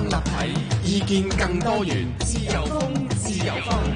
立體意見更多元，自由風，自由風。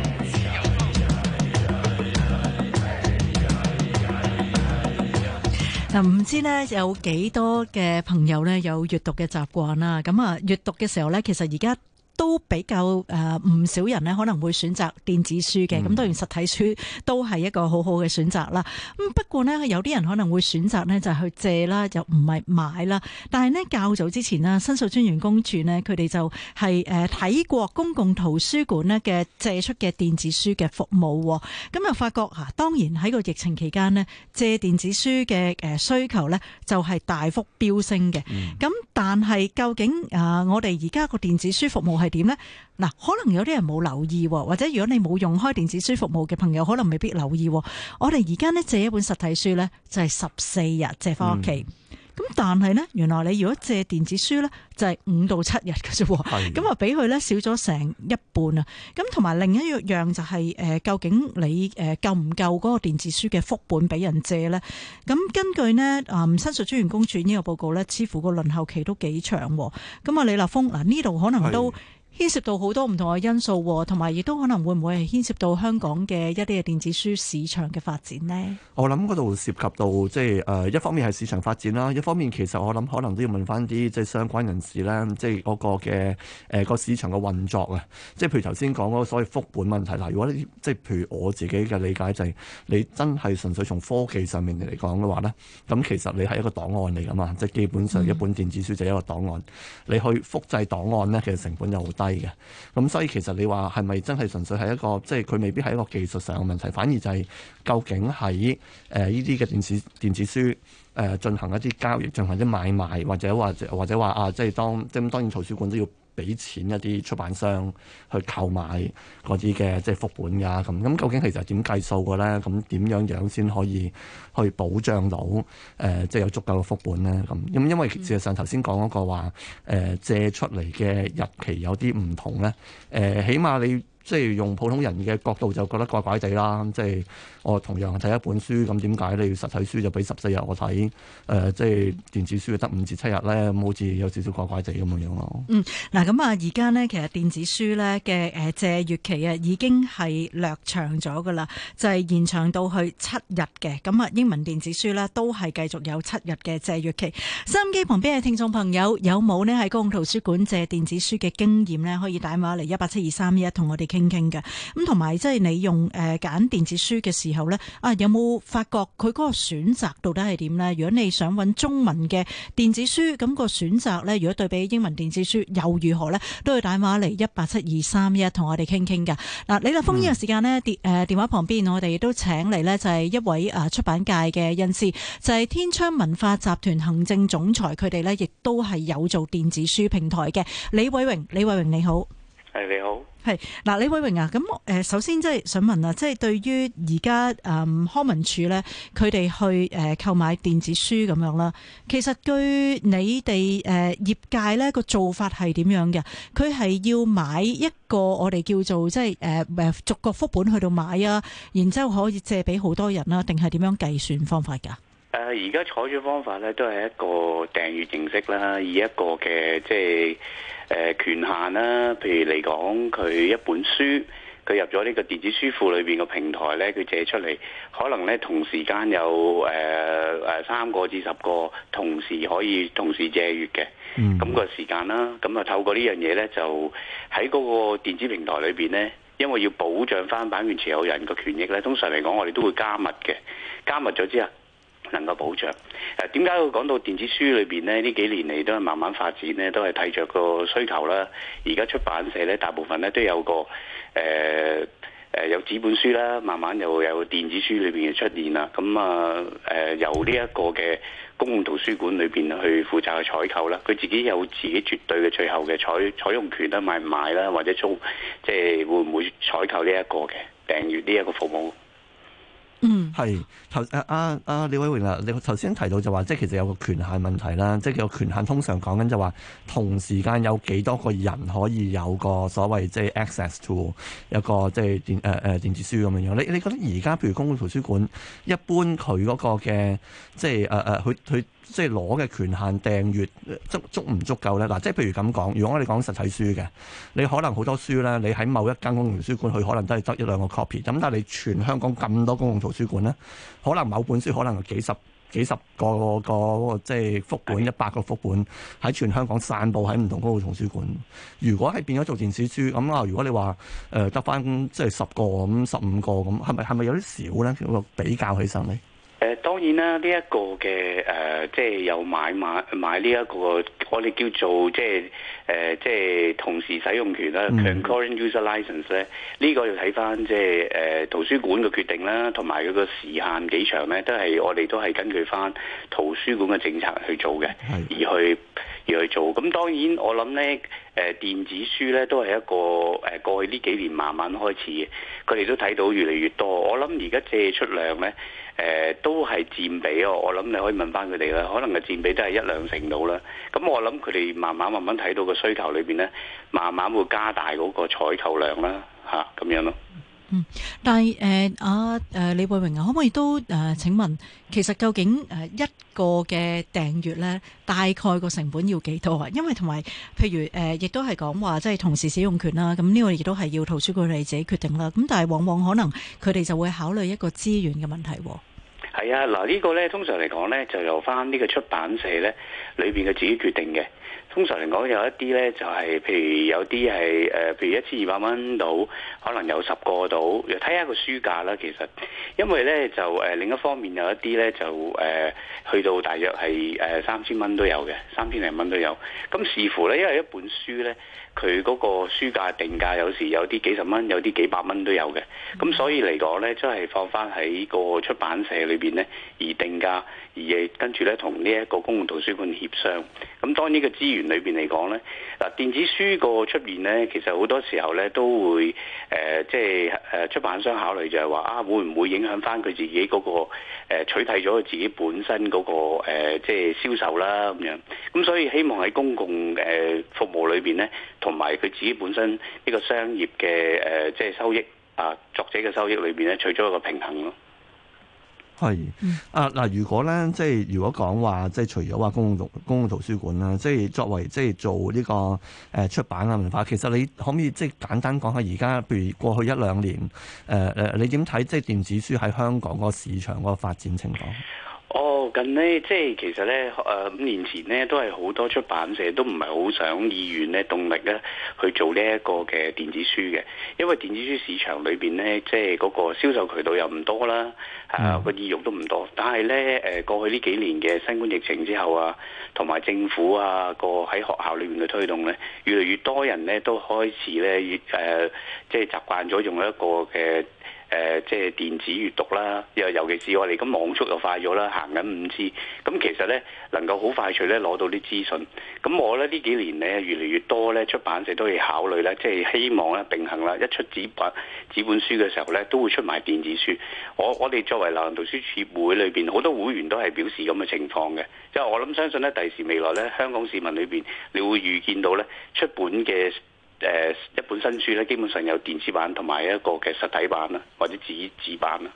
嗱、啊，唔知呢有幾多嘅朋友呢有閱讀嘅習慣啦？咁啊，閱、啊、讀嘅時候呢，其實而家，都比較誒唔少人咧，可能會選擇電子書嘅，咁，嗯、當然實體書都係一個好好嘅選擇啦。咁不過咧，有啲人可能會選擇咧就去借啦，又唔係買啦。但係咧，較早之前咧，申訴專員公署咧，佢哋就係誒睇過公共圖書館咧嘅借出嘅電子書嘅服務，咁又發覺吓當然喺個疫情期間咧，借電子書嘅誒需求咧就係大幅飆升嘅。咁、嗯嗯但係究竟啊，呃，我哋而家個電子書服務係點呢？嗱，可能有啲人冇留意，或者如果你冇用開電子書服務嘅朋友，可能未必留意。我哋而家咧借一本實體書呢，就係十四日借翻屋企。嗯咁但係呢，原來你如果借電子書呢，就係五到七日嘅啫，咁啊俾佢呢，少咗成一半啊！咁同埋另一樣就係，是、誒，究竟你誒夠唔夠嗰個電子書嘅副本俾人借呢？咁根據呢，啊，申訴專員公署呢，這個報告呢，似乎個輪候期都幾長喎。咁啊，李立峰，嗱，呢度可能都。牽涉到好多唔同嘅因素，同埋亦都可能會唔會係牽涉到香港嘅一啲嘅電子書市場嘅發展呢？我諗嗰度涉及到即係誒，一方面係市場發展啦，一方面其實我諗可能都要問返啲即係相關人士咧，即係嗰、那個嘅誒個市場嘅運作啊。即係譬如頭先講嗰個所謂複本問題，嗱，如果你即係譬如我自己嘅理解就係、是，你真係純粹從科技上面嚟講嘅話咧，咁其實你係一個檔案嚟㗎嘛，即係基本上一本電子書就一個檔案，嗯、你去複製檔案咧，其實成本又好低。係嘅，咁、嗯、所以其實你話係咪真係純粹係一個，即係佢未必係一個技術上嘅問題，反而就係究竟喺誒呢啲嘅電子電子書誒、呃、進行一啲交易，進行一啲買賣，或者或者或者話啊，即係當即係當然圖書館都要。俾錢一啲出版商去購買嗰啲嘅即係副本呀咁，咁究竟其實點計數嘅咧？咁點樣樣先可以去保障到誒，即係有足夠嘅副本咧？咁咁因為事實上頭先講嗰個話、呃、借出嚟嘅日期有啲唔同咧，誒、呃，起碼你。即係用普通人嘅角度就覺得怪怪哋啦！即係我同樣睇一本書咁點解你要實體書就俾十四日我睇？誒、呃，即係電子書得五至七日咧，好似有少少怪怪哋咁嘅樣咯。嗯，嗱咁啊，而家、嗯、呢，其實電子書咧嘅誒借閱期啊已經係略長咗㗎啦，就係、是、延長到去七日嘅。咁啊，英文電子書咧都係繼續有七日嘅借閱期。收音機旁邊嘅聽眾朋友有冇呢？喺公共圖書館借電子書嘅經驗呢，可以打電話嚟一八七二三一同我哋傾傾嘅，咁，同埋即係你用誒揀、呃、電子書嘅時候呢，啊有冇發覺佢嗰個選擇到底係點呢？如果你想揾中文嘅電子書，咁個選擇呢，如果對比英文電子書又如何呢？都要打電話嚟一八七二三一同我哋傾傾嘅嗱。李立峰呢個時間呢，電誒、嗯、電話旁邊，我哋亦都請嚟呢，就係一位誒出版界嘅人士，就係、是、天窗文化集團行政總裁。佢哋呢，亦都係有做電子書平台嘅。李偉榮，李偉榮你好，係你好。係，嗱，李偉榮啊，咁誒首先即係想問啊，即係對於而家誒康文署咧，佢哋去誒購買電子書咁樣啦，其實據你哋誒業界咧個做法係點樣嘅？佢係要買一個我哋叫做即係誒誒逐個副本去到買啊，然之後可以借俾好多人啦，定係點樣計算方法㗎？誒而家採取方法咧，都係一個訂閱形式啦，以一個嘅即係誒、呃、權限啦。譬如嚟講，佢一本書，佢入咗呢個電子書庫裏邊個平台咧，佢借出嚟，可能咧同時間有誒誒、呃、三個至十個同時可以同時借閲嘅。嗯，咁個時間啦，咁啊透過樣呢樣嘢咧，就喺嗰個電子平台裏邊咧，因為要保障翻版權持有人個權益咧，通常嚟講我哋都會加密嘅，加密咗之後。能夠保障。誒點解會講到電子書裏邊咧？呢幾年嚟都係慢慢發展咧，都係睇着個需求啦。而家出版社咧，大部分咧都有個誒誒、呃呃、有紙本書啦，慢慢又有，有電子書裏邊嘅出現啦。咁啊誒由呢一個嘅公共圖書館裏邊去負責去採購啦，佢自己有自己絕對嘅最後嘅採採用權啦、啊，買唔買啦、啊，或者租即係會唔會採購呢一個嘅訂閱呢一個服務？嗯，係，頭阿阿，李偉榮啊，你頭先提到就話，即係其實有個權限問題啦，即係個權限通常講緊就話，同時間有幾多個人可以有個所謂即係 access to 一個即係電誒誒、呃呃、電子書咁樣樣。你你覺得而家譬如公共圖書館，一般佢嗰個嘅即係誒誒，佢、呃、佢。即係攞嘅權限訂閱足足唔足夠呢？嗱、啊，即係譬如咁講，如果我哋講實體書嘅，你可能好多書呢，你喺某一間公共圖書館去，佢可能都係得一兩個 copy。咁但係你全香港咁多公共圖書館呢，可能某本書可能有幾十幾十個個個，即係副本，一百個副本喺全香港散佈喺唔同公共圖書館。如果係變咗做電子書咁啊，如果你話誒得返即係十個咁、十五個咁，係咪係咪有啲少呢？咧？比較起身呢。誒，uh, 當然啦，呢、這、一個嘅誒、呃，即係有買買買呢一個，我哋叫做即係誒，即係、呃、同時使用權啦，Concurrent User License 咧，呢、嗯這個要睇翻即係誒、呃、圖書館嘅決定啦，同埋佢個時限幾長咧，都係我哋都係根據翻圖書館嘅政策去做嘅，的而去而去做。咁當然我諗咧，誒、呃、電子書咧都係一個誒過去呢幾年慢慢開始，佢哋都睇到越嚟越多。我諗而家借出量咧，誒、呃、都係。佔比哦，我諗你可以問翻佢哋啦，可能嘅佔比都係一兩成度啦。咁我諗佢哋慢慢慢慢睇到個需求裏邊咧，慢慢會加大嗰個採購量啦，吓咁樣咯。嗯，但係誒啊誒李偉榮啊，可唔可以都誒請問，其實究竟誒一個嘅訂閱咧，大概個成本要幾多啊？因為同埋譬如誒，亦都係講話即係同時使用權啦。咁呢個亦都係要圖書館你自己決定啦。咁但係往往可能佢哋就會考慮一個資源嘅問題。係啊，嗱呢、呢個呢，通常嚟講呢，就由翻呢個出版社呢裏邊嘅自己決定嘅。通常嚟講有一啲呢，就係、係呃，譬如有啲係誒，譬如一千二百蚊到，可能有十個到，睇下個書價啦。其實因為呢，就誒、呃、另一方面有一啲呢，就誒、呃、去到大約係誒三千蚊都有嘅，三千零蚊都有。咁視乎呢，因為一本書呢。佢嗰個書價定價有時有啲幾十蚊，有啲幾百蚊都有嘅。咁所以嚟講咧，即係放翻喺個出版社裏邊咧而定價，而跟住咧同呢一個公共圖書館協商。咁當呢個資源裏邊嚟講咧，嗱電子書個出面咧，其實好多時候咧都會誒，即係誒出版商考慮就係話啊，會唔會影響翻佢自己嗰個誒取締咗佢自己本身嗰個誒即係銷售啦咁樣，咁所以希望喺公共誒服務裏邊咧。同埋佢自己本身呢個商業嘅誒，即係收益啊，作者嘅收益裏邊咧，取咗一個平衡咯。係，啊嗱，如果咧，即係如果講話，即係除咗話公共圖公共圖書館啦，即係作為即係做呢個誒出版嘅文化，其實你可唔可以即係簡單講下而家，譬如過去一兩年，誒、呃、誒，你點睇即係電子書喺香港個市場個發展情況？哦，oh, 近呢，即係其實咧，誒五年前呢，都係好多出版社都唔係好想意願咧動力咧去做呢一個嘅電子書嘅，因為電子書市場裏邊呢，即係嗰個銷售渠道又唔多啦，啊個意欲都唔多。但係呢，誒過去呢幾年嘅新冠疫情之後啊，同埋政府啊個喺學校裏面嘅推動呢，越嚟越多人呢都開始咧，越、誒、呃、即係習慣咗用一個嘅。誒、呃，即係電子閲讀啦，尤其是我哋咁網速又快咗啦，行緊五 G，咁其實咧能夠好快脆咧攞到啲資訊。咁我咧呢幾年咧越嚟越多咧出版社都要考慮咧，即係希望咧並行啦，一出紙本紙本書嘅時候咧都會出埋電子書。我我哋作為流行圖書協會裏邊好多會員都係表示咁嘅情況嘅，即係我諗相信咧第時未來咧香港市民裏邊，你會遇見到咧出本嘅。誒，一本新書咧，基本上有電子版同埋一個嘅實體版啦，或者紙紙版啦。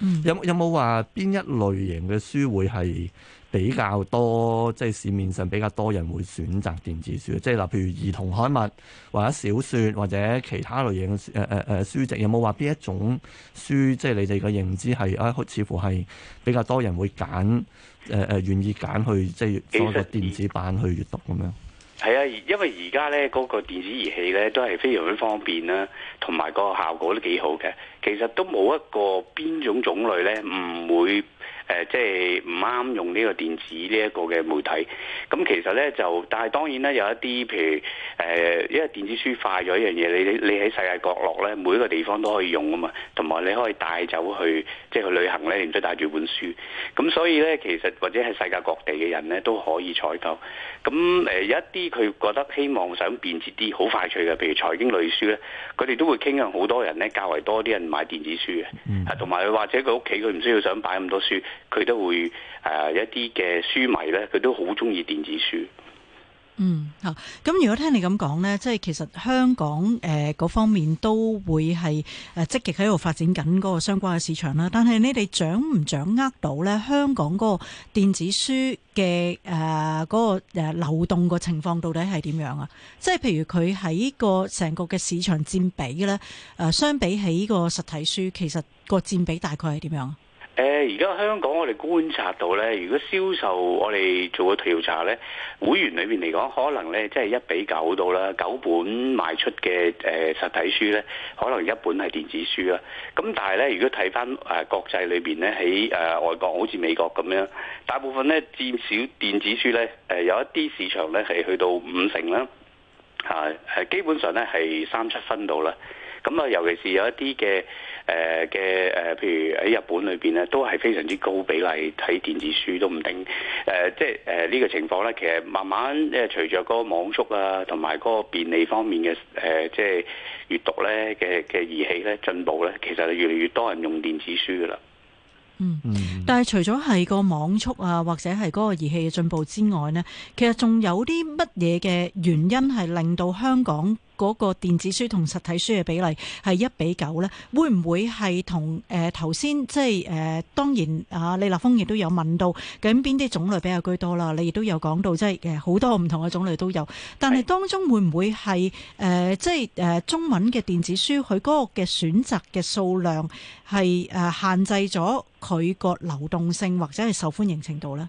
嗯，有有冇話邊一類型嘅書會係比較多？即係市面上比較多人會選擇電子書，即係嗱，譬如兒童刊物或者小說或者其他類型嘅誒誒誒書籍，有冇話邊一種書？即係你哋嘅認知係啊、呃，似乎係比較多人會揀誒誒，願意揀去即係多個電子版去閱讀咁樣。係啊，因為而家咧嗰個電子儀器咧都係非常之方便啦，同埋個效果都幾好嘅。其實都冇一個邊種種類咧唔會。誒、呃，即係唔啱用呢個電子呢一個嘅媒體。咁、嗯、其實呢，就，但係當然呢，有一啲，譬如誒、呃，因為電子書快咗一樣嘢，你你喺世界角落呢，每一個地方都可以用啊嘛。同埋你可以帶走去，即係去旅行呢，你唔使帶住本書。咁、嗯、所以呢，其實或者係世界各地嘅人呢，都可以採購。咁、嗯、誒有一啲佢覺得希望想便捷啲、好快脆嘅，譬如財經類書呢，佢哋都會傾向好多人呢較為多啲人買電子書嘅。同埋、mm. 或者佢屋企佢唔需要想擺咁多書。佢都會有、呃、一啲嘅書迷咧，佢都好中意電子書。嗯啊，咁如果聽你咁講咧，即係其實香港誒嗰、呃、方面都會係誒積極喺度發展緊嗰個相關嘅市場啦。但係你哋掌唔掌握到咧？香港嗰個電子書嘅誒嗰個流動個情況到底係點樣啊？即係譬如佢喺個成個嘅市場佔比咧，誒、呃、相比起個實體書，其實個佔比大概係點樣？誒而家香港我哋觀察到咧，如果銷售我哋做個調查咧，會員裏邊嚟講，可能咧即係一比九到啦，九本賣出嘅誒、呃、實體書咧，可能一本係電子書啦。咁但係咧，如果睇翻誒國際裏邊咧，喺誒、呃、外國好似美國咁樣，大部分咧佔少電子書咧，誒、呃、有一啲市場咧係去到五成啦，嚇、啊、係基本上咧係三七分到啦。咁啊，尤其是有一啲嘅。誒嘅誒，譬如喺日本裏邊咧，都係非常之高比例睇電子書都唔定。誒、呃，即係誒呢個情況咧，其實慢慢即係隨着嗰網速啊，同埋嗰個便利方面嘅誒、呃，即係閱讀咧嘅嘅儀器咧進步咧，其實就越嚟越多人用電子書㗎喇。嗯。但係除咗係個網速啊，或者係嗰個儀器嘅進步之外咧，其實仲有啲乜嘢嘅原因係令到香港嗰個電子書同實體書嘅比例係一比九咧？會唔會係同誒頭先即係誒、呃、當然啊，李立峰亦都有問到究竟邊啲種類比較居多啦？你亦都有講到即係誒好多唔同嘅種類都有，但係當中會唔會係誒、呃、即係誒、呃、中文嘅電子書佢嗰個嘅選擇嘅數量係誒限制咗佢個流？流動性或者係受歡迎程度咧。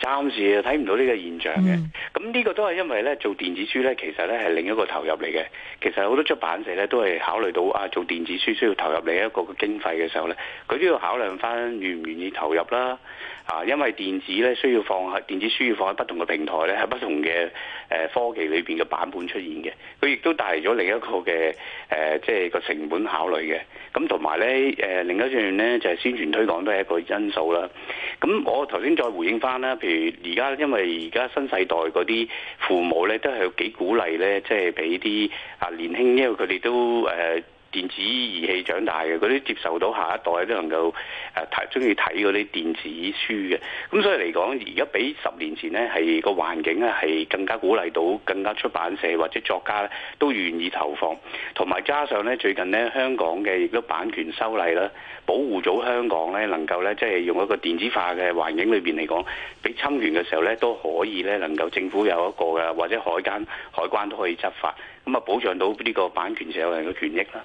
暫時睇唔到呢個現象嘅，咁呢個都係因為呢做電子書呢，其實呢係另一個投入嚟嘅。其實好多出版社呢都係考慮到啊，做電子書需要投入另一個嘅經費嘅時候呢，佢都要考量翻願唔願意投入啦。啊，因為電子呢需要放喺電子書要放喺不同嘅平台呢，喺不同嘅、啊、科技裏邊嘅版本出現嘅，佢亦都帶嚟咗另一個嘅誒，即、啊、係、就是、個成本考慮嘅。咁同埋呢，誒、啊、另一段呢就係、是、宣傳推廣都係一個因素啦。咁我頭先再回應翻啦，譬如而家，因為而家新世代嗰啲父母咧，都係有幾鼓勵咧，即係俾啲啊年輕，因為佢哋都誒，呃電子儀器長大嘅，嗰啲接受到下一代都能夠誒睇，中意睇嗰啲電子書嘅。咁所以嚟講，而家比十年前呢，係個環境咧係更加鼓勵到，更加出版社或者作家都願意投放。同埋加上呢，最近呢，香港嘅亦都版權修例啦，保護咗香港呢，能夠呢，即係用一個電子化嘅環境裏邊嚟講，俾侵權嘅時候呢，都可以呢，能夠政府有一個嘅，或者海關、海關都可以執法，咁啊保障到呢個版權持有人嘅權益啦。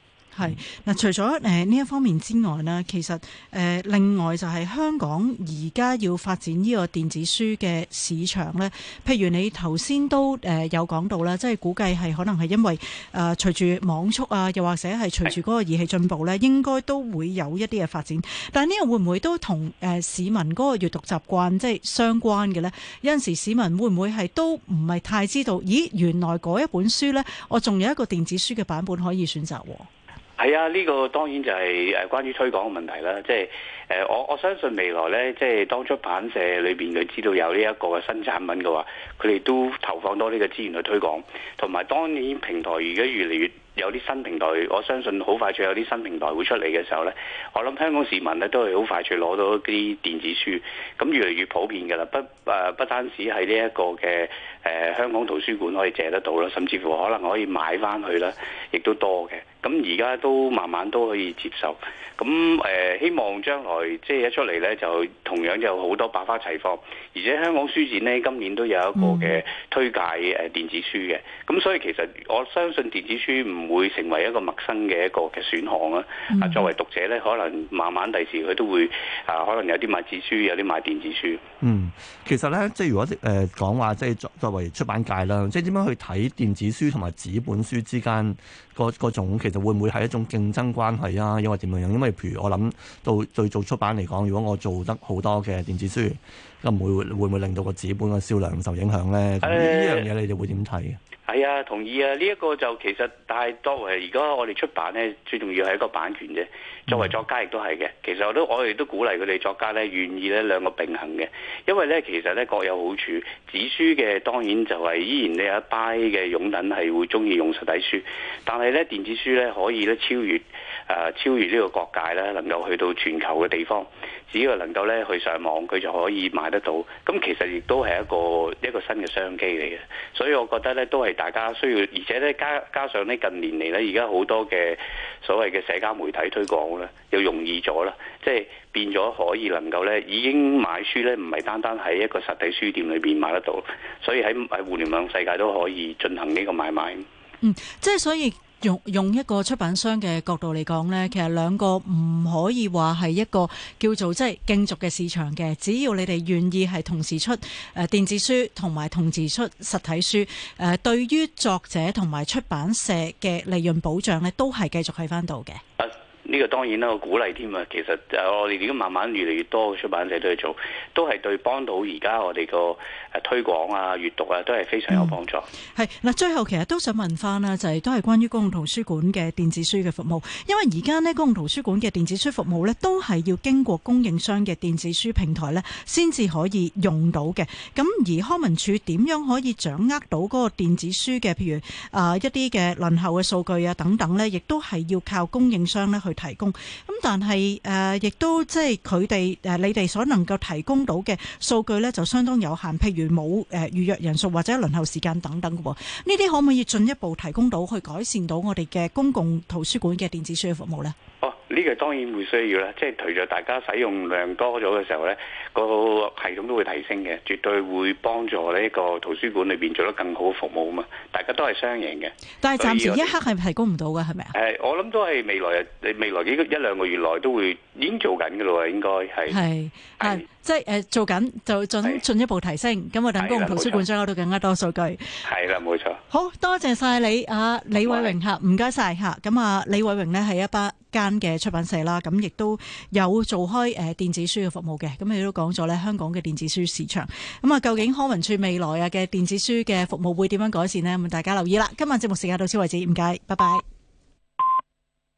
係嗱，除咗誒呢一方面之外呢，其實誒、呃、另外就係香港而家要發展呢個電子書嘅市場呢，譬如你頭先都誒有講到啦，即係估計係可能係因為誒、呃、隨住網速啊，又或者係隨住嗰個儀器進步呢，是應該都會有一啲嘅發展。但係呢個會唔會都同誒市民嗰個閱讀習慣即係相關嘅呢？有陣時市民會唔會係都唔係太知道？咦，原來嗰一本書呢，我仲有一個電子書嘅版本可以選擇。係啊，呢、這個當然就係誒關於推廣嘅問題啦。即係誒、呃，我我相信未來呢，即係當出版社裏邊佢知道有呢一個嘅新產品嘅話，佢哋都投放多呢個資源去推廣。同埋當然平台而家越嚟越有啲新平台，我相信好快脆有啲新平台會出嚟嘅時候呢。我諗香港市民呢都係好快脆攞到啲電子書，咁越嚟越普遍㗎啦。不誒、呃、不單止係呢一個嘅。誒、呃、香港圖書館可以借得到啦，甚至乎可能可以買翻去啦，亦都多嘅。咁而家都慢慢都可以接受。咁誒、呃、希望將來即係一出嚟咧，就同樣有好多百花齊放。而且香港書展呢，今年都有一個嘅推介誒電子書嘅。咁、嗯、所以其實我相信電子書唔會成為一個陌生嘅一個嘅選項啦。嗯、啊作為讀者咧，可能慢慢第時佢都會啊，可能有啲買紙書，有啲買電子書。嗯，其實咧即係如果誒、呃、講話即係作作。為出版界啦，即係點樣去睇電子書同埋紙本書之間個種其實會唔會係一種競爭關係啊？因為點樣樣，因為譬如我諗對做出版嚟講，如果我做得好多嘅電子書，咁會會唔會令到個紙本嘅銷量受影響呢？呢的樣嘢你哋會點睇？係啊，同意啊！呢、這、一個就其實，但係作為而家我哋出版呢，最重要係一個版權啫。作為作家亦都係嘅，其實我都我哋都鼓勵佢哋作家呢，願意呢兩個並行嘅，因為呢，其實呢各有好處。紙書嘅當然就係依然你有一班嘅擁躉係會中意用實體書，但係呢電子書呢，可以呢超越。誒、啊、超越呢個國界咧，能夠去到全球嘅地方，只要能夠咧去上網，佢就可以買得到。咁其實亦都係一個一個新嘅商機嚟嘅，所以我覺得咧，都係大家需要，而且咧加加上呢近年嚟咧，而家好多嘅所謂嘅社交媒體推廣咧，又容易咗啦，即係變咗可以能夠咧，已經買書咧，唔係單單喺一個實體書店裏邊買得到，所以喺喺互聯網世界都可以進行呢個買賣。嗯，即係所以。用用一個出版商嘅角度嚟講，呢其實兩個唔可以話係一個叫做即係競逐嘅市場嘅。只要你哋願意係同時出誒電子書同埋同時出實體書，誒、呃、對於作者同埋出版社嘅利潤保障呢，都係繼續喺翻度嘅。呢個當然啦，我鼓勵添啊！其實我哋點樣慢慢越嚟越多嘅出版社都去做，都係對幫到而家我哋個誒推廣啊、閱讀啊，都係非常有幫助。係嗱、嗯，最後其實都想問翻啦，就係、是、都係關於公共圖書館嘅電子書嘅服務，因為而家咧公共圖書館嘅電子書服務咧，都係要經過供應商嘅電子書平台咧，先至可以用到嘅。咁而康文署點樣可以掌握到嗰個電子書嘅譬如啊、呃、一啲嘅輪候嘅數據啊等等咧，亦都係要靠供應商咧去提供咁，但係誒，亦、呃、都即係佢哋誒，你哋所能夠提供到嘅數據呢，就相當有限。譬如冇誒預約人數或者輪候時間等等嘅，呢啲可唔可以進一步提供到去改善到我哋嘅公共圖書館嘅電子書嘅服務呢？呢個當然會需要啦，即係隨著大家使用量多咗嘅時候呢，呢個系統都會提升嘅，絕對會幫助呢個圖書館裏邊做得更好嘅服務啊嘛，大家都係雙贏嘅。但係暫時一刻係提供唔到嘅係咪啊？我諗都係未來，你未來幾個一兩個月內都會已經做緊嘅啦，應該係係。是是即係誒、呃，做緊就進進一步提升咁啊！的等公共圖書館掌握到更加多數據係啦，冇錯好多謝晒你啊，李偉榮吓，唔該晒吓。咁啊，啊李偉榮咧係一班間嘅出版社啦，咁、啊、亦都有做開誒電子書嘅服務嘅。咁、啊、亦都講咗咧，香港嘅電子書市場咁啊，究竟康文署未來啊嘅電子書嘅服務會點樣改善呢？咁大家留意啦。今晚節目時間到此為止，唔該，拜拜。